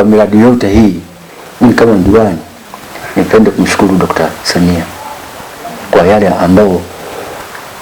kwa miradi yote hii, mimi kama mdiwani nipende kumshukuru Dr. Samia kwa yale ambayo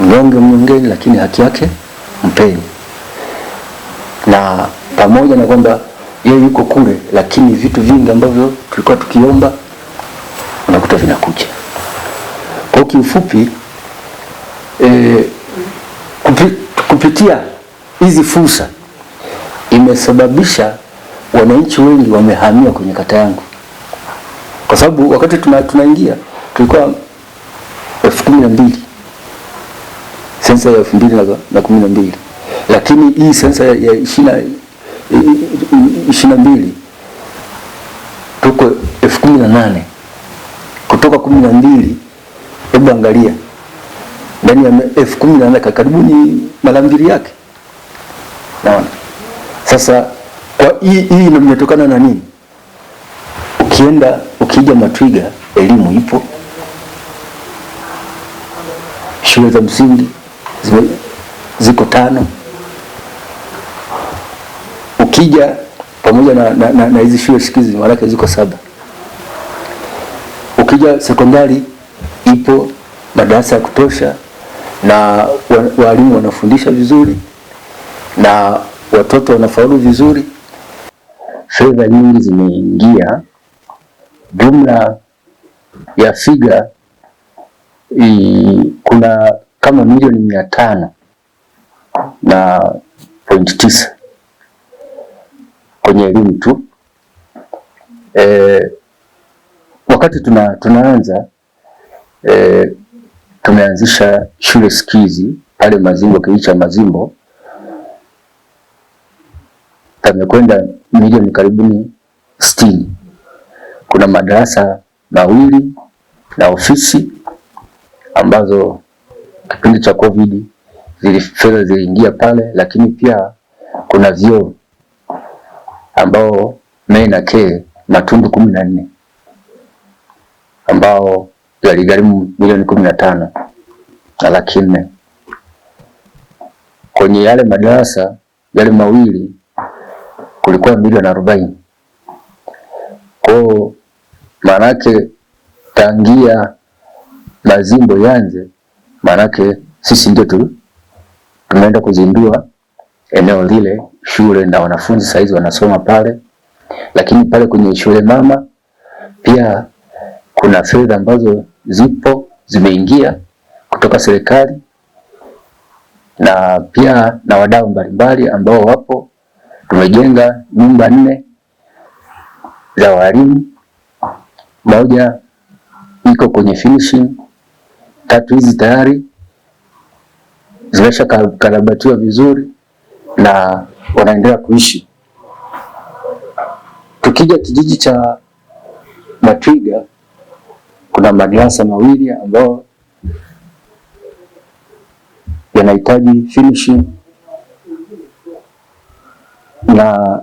mnyonge mnyongeni, lakini haki yake mpeni, na pamoja na kwamba yeye yuko kule, lakini vitu vingi ambavyo tulikuwa tukiomba unakuta vinakuja. Kwa kiufupi e, kupi, kupitia hizi fursa imesababisha wananchi wengi wamehamia kwenye kata yangu, kwa sababu wakati tuna, tunaingia tulikuwa elfu kumi na mbili sensa ya elfu mbili na kumi na mbili lakini hii sensa ya ishirini na mbili tuko elfu kumi na nane kutoka kumi na mbili hebu angalia ndani ya elfu kumi na nane karibuni mara mbili yake, naona sasa kwa hii hii inatokana na nini? Ukienda ukija Matwiga, elimu ipo, shule za msingi ziko tano. Ukija pamoja na hizi na, na shule shikizi maanake ziko saba. Ukija sekondari ipo madarasa ya kutosha na walimu wanafundisha vizuri na watoto wanafaulu vizuri fedha nyingi zimeingia. Jumla ya figa i, kuna kama milioni mia tano na point tisa kwenye elimu tu. E, wakati tuna, tunaanza e, tumeanzisha shule sikizi pale Mazimbo kijiji cha Mazimbo yamekwenda milioni karibuni sitini. Kuna madarasa mawili na ofisi ambazo kipindi cha COVID fedha ziliingia pale, lakini pia kuna vyoo ambao mei na ke matundu kumi na nne ambao yaligharimu milioni kumi na tano na laki nne kwenye yale madarasa yale mawili kulikuwa milioni arobaini. Kwao maanake tangia mazimbo yanze, maanake sisi ndio tu tumeenda kuzindua eneo lile shule, na wanafunzi saizi wanasoma pale, lakini pale kwenye shule mama pia kuna fedha ambazo zipo zimeingia kutoka serikali na pia na wadau mbalimbali ambao wapo tumejenga nyumba nne za walimu, moja iko kwenye finishing, tatu hizi tayari zimesha karabatiwa vizuri na wanaendelea kuishi. Tukija kijiji cha Matwiga kuna madarasa mawili ambayo yanahitaji finishing na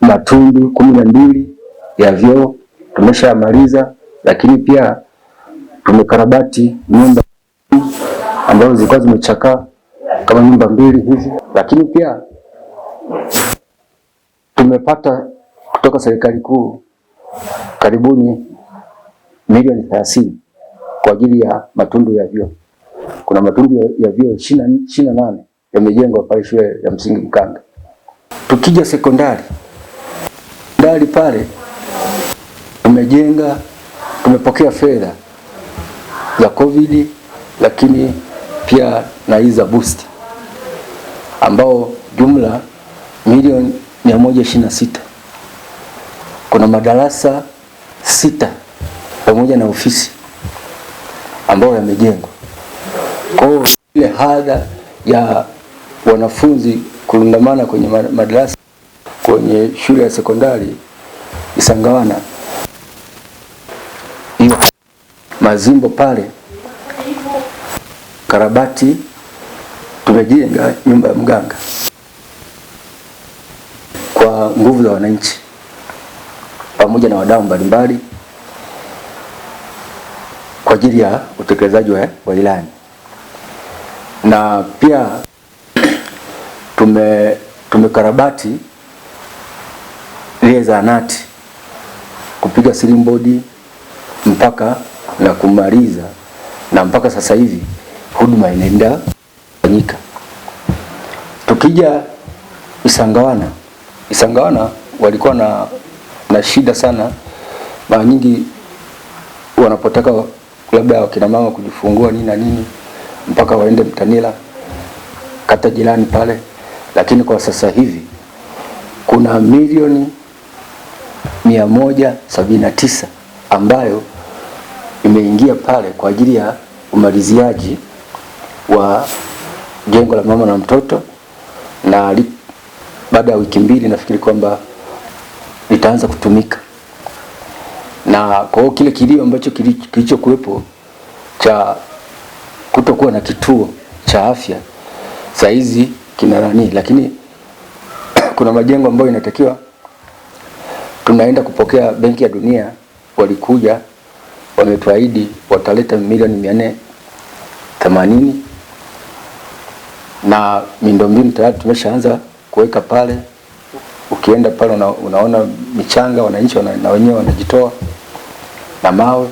matundu kumi na mbili ya vyoo tumeshamaliza, lakini pia tumekarabati nyumba ambazo zilikuwa zimechakaa kama nyumba mbili hivi, lakini pia tumepata kutoka serikali kuu karibuni milioni thelathini kwa ajili ya matundu ya vyoo. Kuna matundu ya vyoo ishirini na nane yamejengwa pale shule ya msingi Mkanga. Tukija sekondari, sekondari pale tumejenga, tumepokea fedha za COVID, lakini pia na hii za boost ambao jumla milioni sita Kuna madarasa sita pamoja na ofisi ambayo yamejengwa. Kwa ile hadha ya wanafunzi kulundamana kwenye madarasa kwenye shule ya sekondari Isangawana, hiyo Mazimbo pale karabati, tumejenga nyumba ya mganga kwa nguvu za wananchi pamoja na wadau mbalimbali kwa ajili ya utekelezaji wa ilani na pia tume tumekarabati ile zahanati kupiga ceiling board mpaka na kumaliza, na mpaka sasa hivi huduma inaenda kufanyika. Tukija Isangawana, Isangawana walikuwa na, na shida sana mara nyingi wanapotaka labda wakina mama kujifungua nini na nini mpaka waende Mtanila kata jirani pale lakini kwa sasa hivi kuna milioni tisa ambayo imeingia pale kwa ajili ya umaliziaji wa jengo la mama na mtoto, na baada ya wiki mbili nafikiri kwamba litaanza kutumika. Na kwa hiyo kile kilio ambacho kilichokuwepo cha kutokuwa na kituo cha afya saizi kina nani, lakini kuna majengo ambayo inatakiwa tunaenda kupokea. Benki ya Dunia walikuja wametuahidi wataleta milioni mia nne themanini na miundombinu tayari tumeshaanza kuweka pale. Ukienda pale una, unaona michanga wananchi wana, na wenyewe wanajitoa na mawe.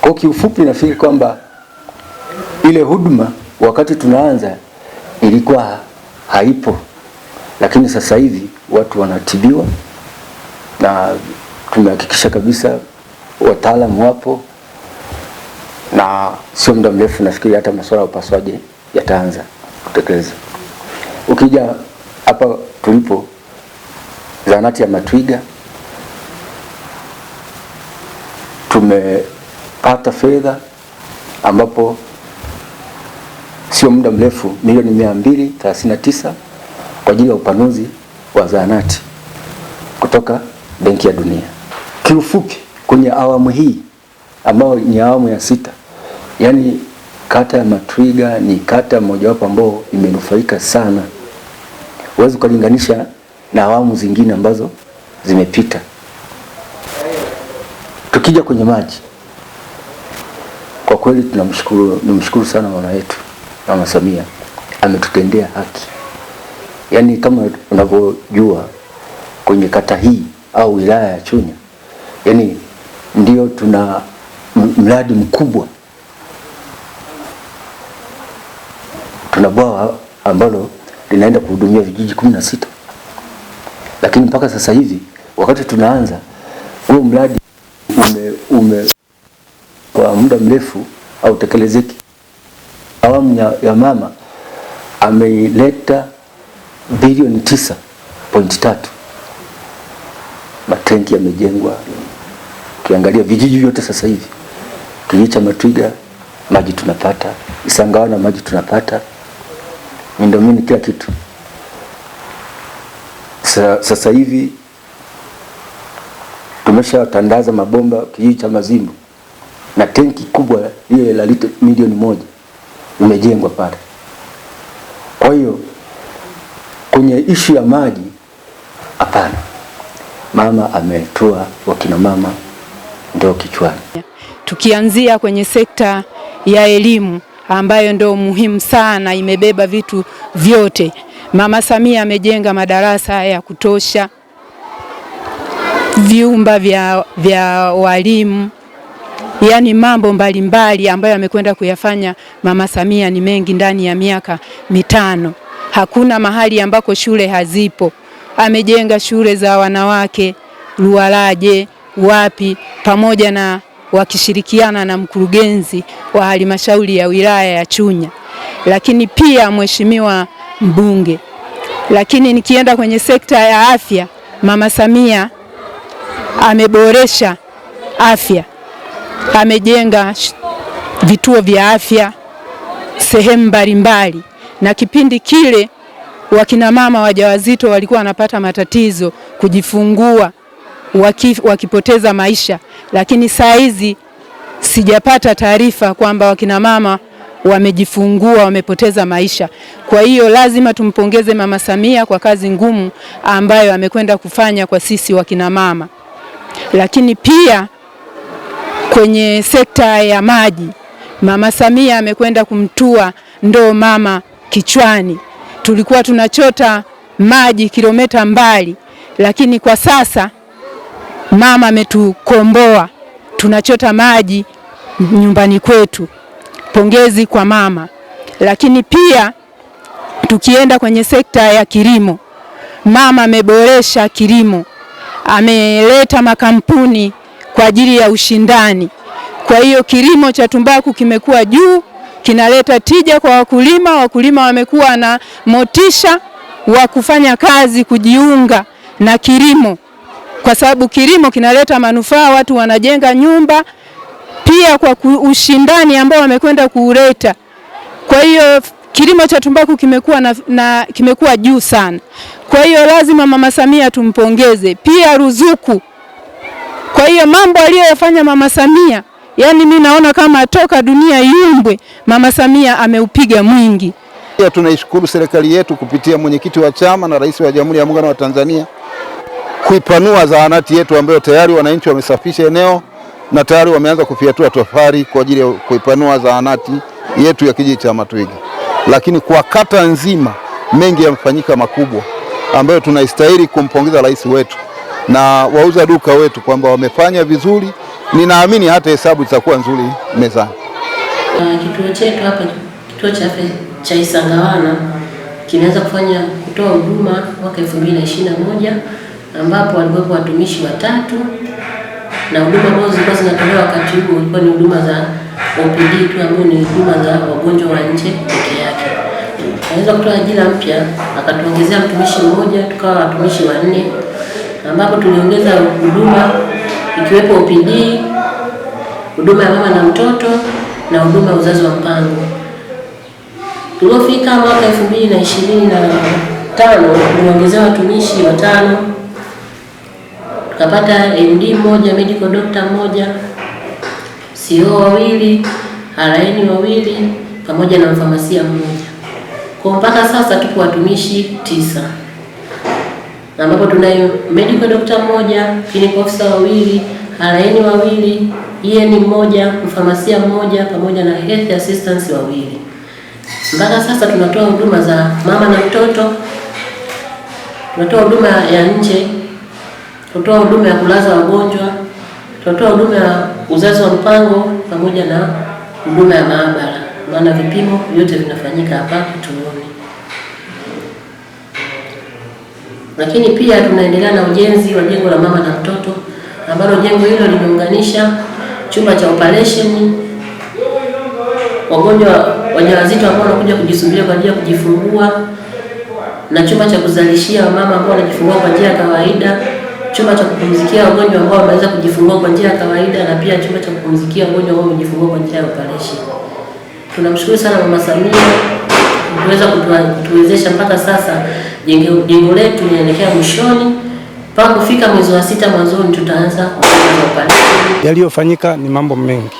Kwa kiufupi, nafikiri kwamba ile huduma wakati tunaanza ilikuwa haipo, lakini sasa hivi watu wanatibiwa na tumehakikisha kabisa wataalamu wapo, na sio muda mrefu nafikiri hata masuala ya upasuaji yataanza kutekeleza Ukija hapa tulipo zahanati ya Matwiga tumepata fedha ambapo sio muda mrefu milioni mia mbili kwa ajili ya upanuzi wa zahanati kutoka Benki ya Dunia. Kiufupi, kwenye awamu hii ambayo ni awamu ya sita, yani kata ya Matwiga ni kata mojawapo ambao imenufaika sana. Huwezi ukalinganisha na awamu zingine ambazo zimepita. Tukija kwenye maji, kwa kweli tunamshukuru, nimshukuru sana mama yetu Mama Samia ametutendea haki. Yaani kama unavyojua kwenye kata hii au wilaya ya Chunya, yaani ndio tuna mradi mkubwa, tuna bwawa ambalo linaenda kuhudumia vijiji kumi na sita, lakini mpaka sasa hivi wakati tunaanza huo mradi ume, ume kwa muda mrefu hautekelezeki awamu ya, ya mama ameileta bilioni tisa pointi tatu. Matenki yamejengwa, ukiangalia vijiji vyote sasa hivi cha Matwiga maji tunapata, Isangawa na maji tunapata, miundombinu kila kitu. Sa, sasa hivi tumeshatandaza mabomba kijiji cha Mazimbu na tenki kubwa ile la lita milioni moja umejengwa pale. Kwa hiyo kwenye ishu ya maji hapana, mama ametoa wakina mama ndio kichwani. Tukianzia kwenye sekta ya elimu ambayo ndo muhimu sana, imebeba vitu vyote. Mama Samia amejenga madarasa ya kutosha, vyumba vya, vya walimu yaani mambo mbalimbali mbali ambayo amekwenda kuyafanya Mama Samia ni mengi ndani ya miaka mitano. Hakuna mahali ambako shule hazipo. Amejenga shule za wanawake Luwalaje, wapi, pamoja na wakishirikiana na mkurugenzi wa halmashauri ya wilaya ya Chunya, lakini pia mheshimiwa mbunge. Lakini nikienda kwenye sekta ya afya, Mama Samia ameboresha afya amejenga vituo vya afya sehemu mbalimbali, na kipindi kile wakinamama wajawazito walikuwa wanapata matatizo kujifungua, waki, wakipoteza maisha, lakini saa hizi sijapata taarifa kwamba wakinamama wamejifungua wamepoteza maisha. Kwa hiyo lazima tumpongeze Mama Samia kwa kazi ngumu ambayo amekwenda kufanya kwa sisi wakinamama, lakini pia kwenye sekta ya maji. Mama Samia amekwenda kumtua ndoo mama kichwani. Tulikuwa tunachota maji kilomita mbali, lakini kwa sasa mama ametukomboa, tunachota maji nyumbani kwetu. Pongezi kwa mama. Lakini pia tukienda kwenye sekta ya kilimo, mama ameboresha kilimo, ameleta makampuni kwa ajili ya ushindani. Kwa hiyo kilimo cha tumbaku kimekuwa juu, kinaleta tija kwa wakulima. Wakulima wamekuwa na motisha wa kufanya kazi, kujiunga na kilimo, kwa sababu kilimo kinaleta manufaa, watu wanajenga nyumba pia kwa ushindani ambao wamekwenda kuuleta. Kwa hiyo kilimo cha tumbaku kimekuwa na, na kimekuwa juu sana. Kwa hiyo lazima Mama Samia tumpongeze. Pia ruzuku kwa hiyo mambo aliyoyafanya Mama Samia, yani mi naona kama toka dunia yumbwe, Mama Samia ameupiga mwingi. Tunaishukuru serikali yetu kupitia mwenyekiti wa chama na rais wa Jamhuri ya Muungano wa Tanzania kuipanua zahanati yetu ambayo tayari wananchi wamesafisha eneo na tayari wameanza kufiatua tofari kwa ajili ya kuipanua zahanati yetu ya kijiji cha Matwigi. Lakini kwa kata nzima mengi yamefanyika makubwa ambayo tunastahili kumpongeza rais wetu na wauza duka wetu kwamba wamefanya vizuri. Ninaamini hata hesabu zitakuwa nzuri mezani. Ah, kituo chetu hapa, kituo cha afya cha Isangawana kinaanza kufanya kutoa huduma mwaka 2021 ambapo walikuwepo watumishi watatu na huduma ambazo zilikuwa zinatolewa wakati huo ilikuwa ni huduma za OPD tu, ambayo ni huduma za wagonjwa wa nje peke yake. Anaweza kutoa ajira mpya, akatuongezea mtumishi mmoja, tukawa watumishi wanne ambapo tuliongeza huduma ikiwepo OPD, huduma ya mama na mtoto na huduma ya uzazi wa mpango. Tulipofika mwaka 2025 tuliongezea watumishi watano, tukapata MD mmoja, medical doctor mmoja, CO wawili, RN wawili pamoja na mfamasia mmoja. Kwa mpaka sasa tupo watumishi tisa ambapo tunayo medical doctor mmoja, clinical officer wawili, haraini wawili, EN mmoja, mfamasia mmoja pamoja na health assistance wawili. Mpaka sasa tunatoa huduma za mama na mtoto, tunatoa huduma ya nje, tunatoa huduma ya kulaza wagonjwa, tunatoa huduma ya uzazi wa mpango pamoja na huduma ya maabara, maana vipimo vyote vinafanyika hapa kituoni. Lakini pia tunaendelea na ujenzi wa jengo la mama na mtoto ambalo jengo hilo limeunganisha chumba cha operation, wagonjwa wajawazito ambao wanakuja kujisubiria kwa ajili ya kujifungua, na chumba cha kuzalishia wamama ambao wanajifungua kwa njia ya kawaida, chumba cha kupumzikia wagonjwa ambao wameweza kujifungua kwa njia ya kawaida, na pia chumba cha kupumzikia wagonjwa ambao wamejifungua kwa njia ya operation. Tunamshukuru sana Mama Samia kuweza kutuwezesha mpaka sasa. Jengo letu linaelekea mwishoni, mpaka kufika mwezi wa sita mwanzoni tutaanza upande. Yaliyofanyika ni mambo mengi,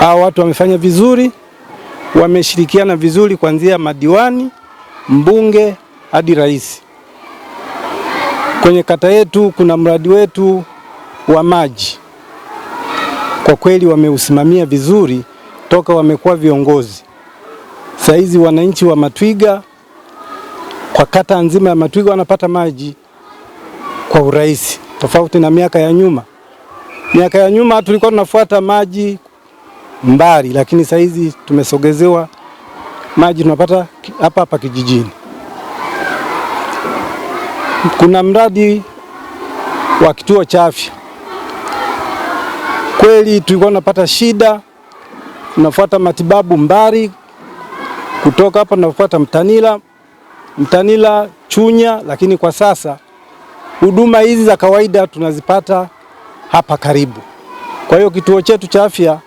hao watu wamefanya vizuri, wameshirikiana vizuri, kuanzia madiwani, mbunge hadi rais. Kwenye kata yetu kuna mradi wetu wa maji, kwa kweli wameusimamia vizuri toka wamekuwa viongozi. Saizi wananchi wa Matwiga kwa kata nzima ya Matwiga wanapata maji kwa urahisi, tofauti na miaka ya nyuma. Miaka ya nyuma tulikuwa tunafuata maji mbali, lakini saizi tumesogezewa maji, tunapata hapa hapa kijijini. Kuna mradi wa kituo cha afya. Kweli tulikuwa tunapata shida, tunafuata matibabu mbali kutoka hapa tunapata Mtanila, Mtanila, Chunya, lakini kwa sasa huduma hizi za kawaida tunazipata hapa karibu. Kwa hiyo kituo chetu cha afya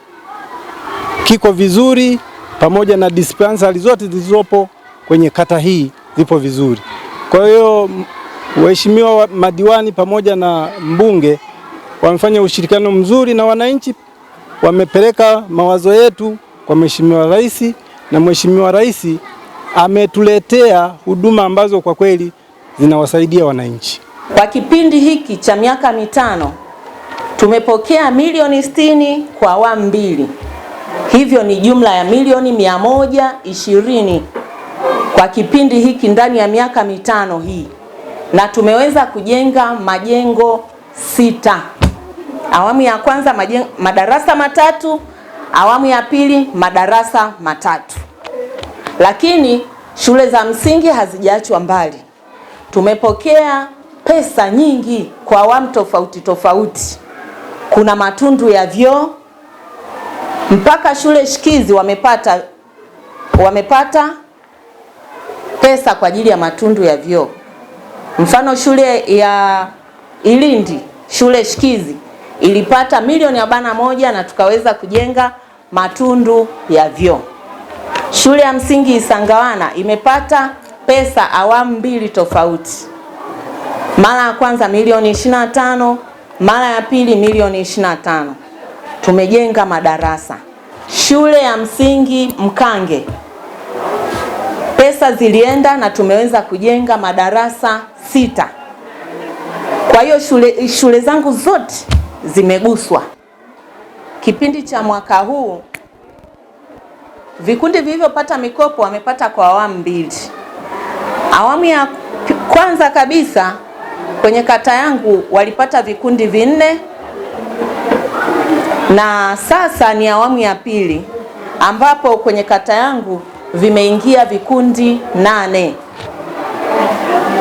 kiko vizuri, pamoja na dispensari zote zilizopo kwenye kata hii zipo vizuri. Kwa hiyo waheshimiwa madiwani pamoja na mbunge wamefanya ushirikiano mzuri na wananchi, wamepeleka mawazo yetu kwa Mheshimiwa Rais na Mheshimiwa Rais ametuletea huduma ambazo kwa kweli zinawasaidia wananchi. Kwa kipindi hiki cha miaka mitano tumepokea milioni sitini kwa awamu mbili, hivyo ni jumla ya milioni mia moja ishirini kwa kipindi hiki ndani ya miaka mitano hii, na tumeweza kujenga majengo sita. Awamu ya kwanza majengo, madarasa matatu awamu ya pili madarasa matatu, lakini shule za msingi hazijaachwa mbali. Tumepokea pesa nyingi kwa awamu tofauti tofauti, kuna matundu ya vyoo mpaka shule shikizi wamepata wamepata pesa kwa ajili ya matundu ya vyoo. Mfano shule ya Ilindi, shule shikizi ilipata milioni arobaini na moja na tukaweza kujenga matundu ya vyoo. Shule ya msingi Isangawana imepata pesa awamu mbili tofauti, mara ya kwanza milioni 25, mara ya pili milioni 25. Tumejenga madarasa shule ya msingi Mkange pesa zilienda na tumeweza kujenga madarasa sita. Kwa hiyo shule, shule zangu zote zimeguswa. Kipindi cha mwaka huu vikundi vilivyopata mikopo wamepata kwa awamu mbili. Awamu ya kwanza kabisa kwenye kata yangu walipata vikundi vinne, na sasa ni awamu ya pili ambapo kwenye kata yangu vimeingia vikundi nane.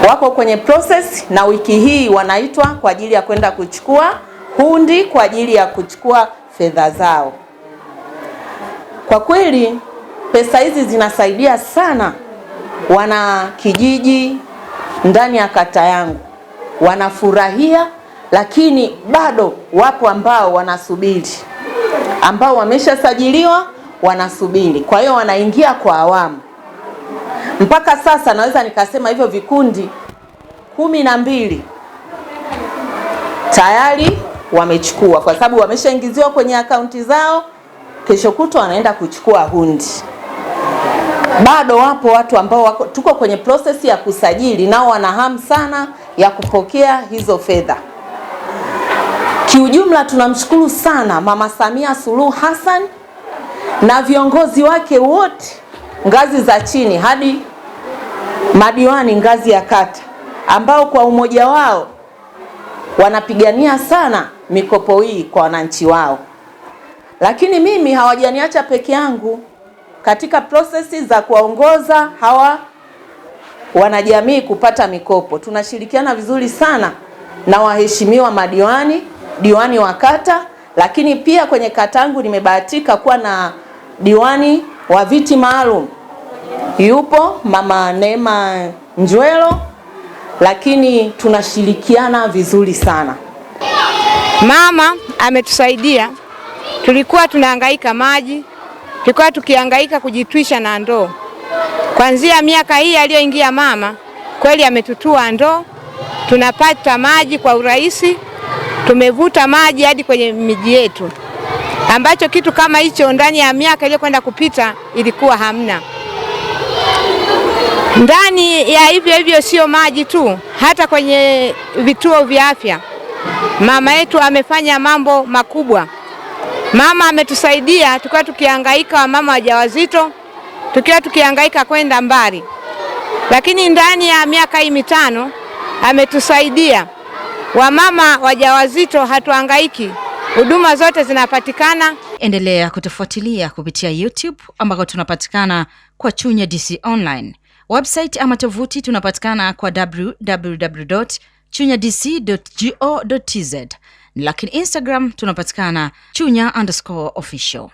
Wako kwenye process na wiki hii wanaitwa kwa ajili ya kwenda kuchukua hundi kwa ajili ya kuchukua fedha zao. Kwa kweli pesa hizi zinasaidia sana wana kijiji ndani ya kata yangu, wanafurahia, lakini bado wapo ambao wanasubiri, ambao wameshasajiliwa wanasubiri. Kwa hiyo wanaingia kwa awamu. Mpaka sasa naweza nikasema hivyo vikundi kumi na mbili tayari wamechukua, kwa sababu wameshaingiziwa kwenye akaunti zao, kesho kutwa wanaenda kuchukua hundi. Bado wapo watu ambao wako, tuko kwenye prosesi ya kusajili, nao wana hamu sana ya kupokea hizo fedha. Kiujumla, tunamshukuru sana Mama Samia Suluhu Hassan na viongozi wake wote ngazi za chini hadi madiwani ngazi ya kata ambao kwa umoja wao wanapigania sana mikopo hii kwa wananchi wao. Lakini mimi hawajaniacha peke yangu katika prosesi za kuwaongoza hawa wanajamii kupata mikopo. Tunashirikiana vizuri sana na waheshimiwa madiwani, diwani wa kata, lakini pia kwenye kata yangu nimebahatika kuwa na diwani wa viti maalum, yupo Mama Neema Njwelo, lakini tunashirikiana vizuri sana. Mama ametusaidia, tulikuwa tunahangaika maji, tulikuwa tukihangaika kujitwisha na ndoo. Kuanzia miaka hii aliyoingia mama, kweli ametutua ndoo, tunapata maji kwa urahisi, tumevuta maji hadi kwenye miji yetu, ambacho kitu kama hicho ndani ya miaka iliyokwenda kupita ilikuwa hamna. Ndani ya hivyo hivyo, sio maji tu, hata kwenye vituo vya afya Mama yetu amefanya mambo makubwa. Mama ametusaidia tukiwa tukihangaika, wamama wajawazito tukiwa tukihangaika kwenda mbali, lakini ndani ya miaka hii mitano ametusaidia wamama wajawazito, hatuhangaiki, huduma zote zinapatikana. Endelea kutufuatilia kupitia YouTube ambako tunapatikana kwa Chunya DC Online, website ama tovuti tunapatikana kwa www chunya dc.go.tz, lakini Instagram tunapatikana chunya underscore official.